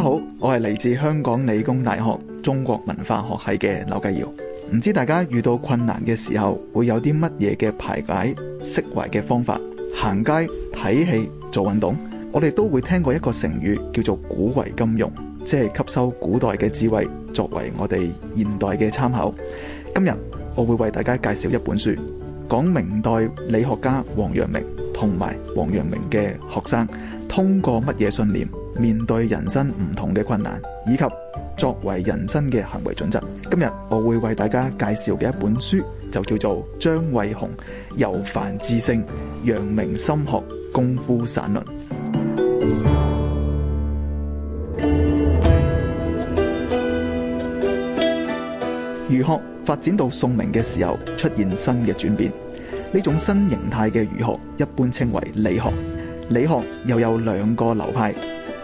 大家好，我係嚟自香港理工大學中國文化學系嘅劉繼堯。唔知大家遇到困難嘅時候會有啲乜嘢嘅排解釋懷嘅方法？行街睇戲、做運動，我哋都會聽過一個成語叫做古為今用，即係吸收古代嘅智慧作為我哋現代嘅參考。今日我會為大家介紹一本書，講明代理學家王陽明同埋王陽明嘅學生通過乜嘢信念。面對人生唔同嘅困難，以及作為人生嘅行為準則。今日我會為大家介紹嘅一本書就叫做《張衛紅由凡至聖》，陽明心學功夫散論。儒學發展到宋明嘅時候，出現新嘅轉變。呢種新形態嘅儒學一般稱為理學。理學又有兩個流派。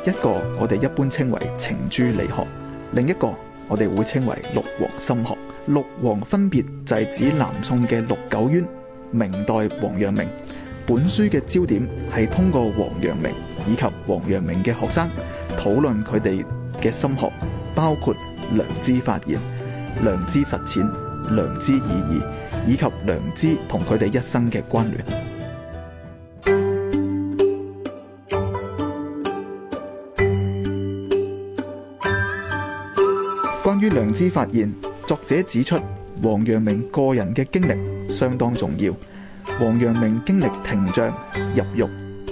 一個我哋一般稱為程朱理學，另一個我哋會稱為陸王心學。陸王分別就係指南宋嘅陸九淵、明代王陽明。本書嘅焦點係通過王陽明以及王陽明嘅學生討論佢哋嘅心學，包括良知發現、良知實踐、良知意義以及良知同佢哋一生嘅關聯。關於良知發現，作者指出王陽明個人嘅經歷相當重要。王陽明經歷廷杖、入獄、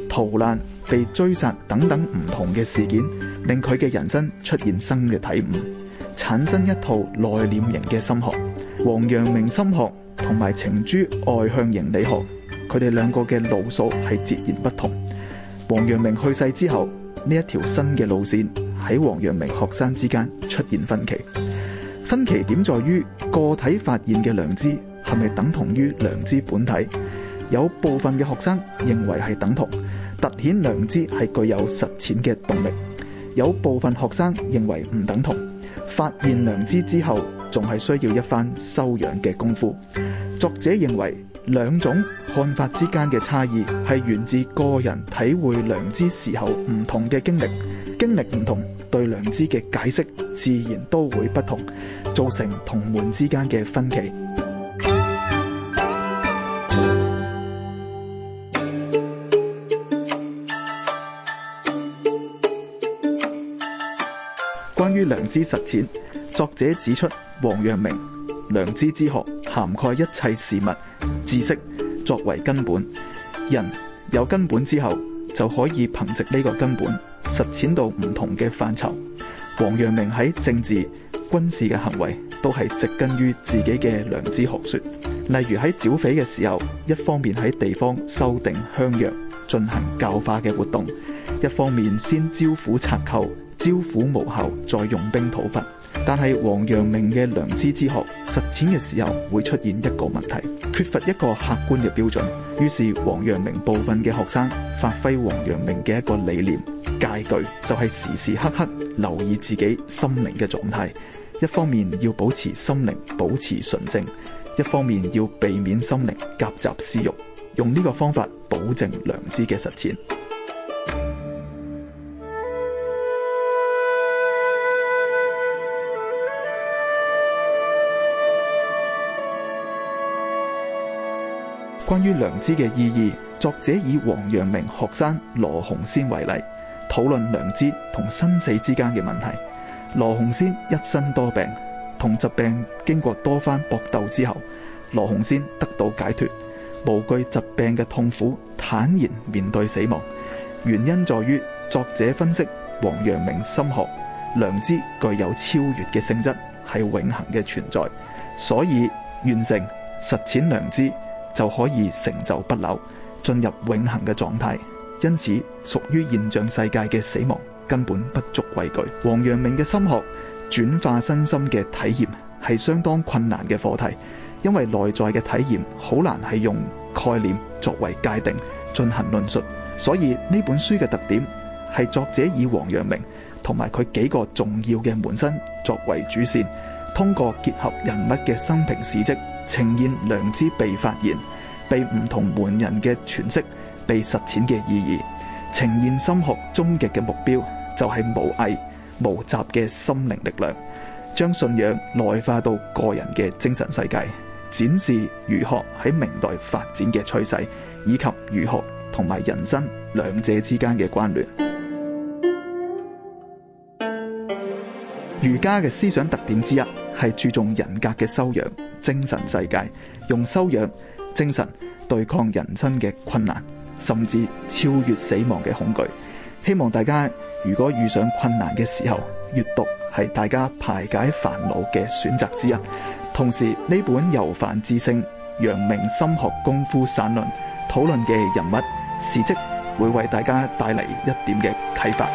逃難、被追殺等等唔同嘅事件，令佢嘅人生出現新嘅體悟，產生一套內斂型嘅心學。王陽明心學同埋程朱外向型理學，佢哋兩個嘅路數係截然不同。王陽明去世之後，呢一條新嘅路線喺王陽明學生之間出現分歧，分歧點在於個體發現嘅良知係咪等同於良知本體？有部分嘅學生認為係等同，凸顯良知係具有實踐嘅動力；有部分學生認為唔等同，發現良知之後仲係需要一番修養嘅功夫。作者認為兩種看法之間嘅差異係源自個人體會良知時候唔同嘅經歷。經歷唔同，對良知嘅解釋自然都會不同，造成同門之間嘅分歧。關於良知實踐，作者指出王，王陽明良知之學涵蓋一切事物，知識作為根本，人有根本之後就可以憑借呢個根本。實踐到唔同嘅範疇，王陽明喺政治、軍事嘅行為都係植根於自己嘅良知學說。例如喺剿匪嘅時候，一方面喺地方修訂鄉約，進行教化嘅活動；一方面先招撫賊寇，招撫無效，再用兵討伐。但係王陽明嘅良知之學實踐嘅時候會出現一個問題，缺乏一個客觀嘅標準。於是王陽明部分嘅學生發揮王陽明嘅一個理念。戒懼就係時時刻刻留意自己心靈嘅狀態，一方面要保持心靈保持純正；一方面要避免心靈夾雜私欲，用呢個方法保證良知嘅實踐。關於良知嘅意義，作者以王陽明學生羅洪先為例。討論良知同生死之間嘅問題。羅洪先一身多病，同疾病經過多番搏鬥之後，羅洪先得到解脱，無懼疾病嘅痛苦，坦然面對死亡。原因在於作者分析王陽明心學，良知具有超越嘅性質，係永恒嘅存在。所以完成實踐良知就可以成就不朽，進入永恒嘅狀態。因此，屬於現象世界嘅死亡根本不足畏懼。王陽明嘅心學轉化身心嘅體驗係相當困難嘅課題，因為內在嘅體驗好難係用概念作為界定進行論述。所以呢本書嘅特點係作者以王陽明同埋佢幾個重要嘅門生作為主線，通過結合人物嘅生平事跡，呈現良知被發現、被唔同門人嘅詮釋。被實踐嘅意義，呈現心學終極嘅目標就係、是、無藝無雜嘅心靈力量，將信仰內化到個人嘅精神世界，展示儒學喺明代發展嘅趨勢，以及儒學同埋人生兩者之間嘅關聯。儒家嘅思想特點之一係注重人格嘅修養，精神世界用修養精神對抗人生嘅困難。甚至超越死亡嘅恐懼，希望大家如果遇上困難嘅時候，閱讀係大家排解煩惱嘅選擇之一。同時呢本《由凡至聖》《陽明心學功夫散論》討論嘅人物事跡會為大家帶嚟一點嘅啟發。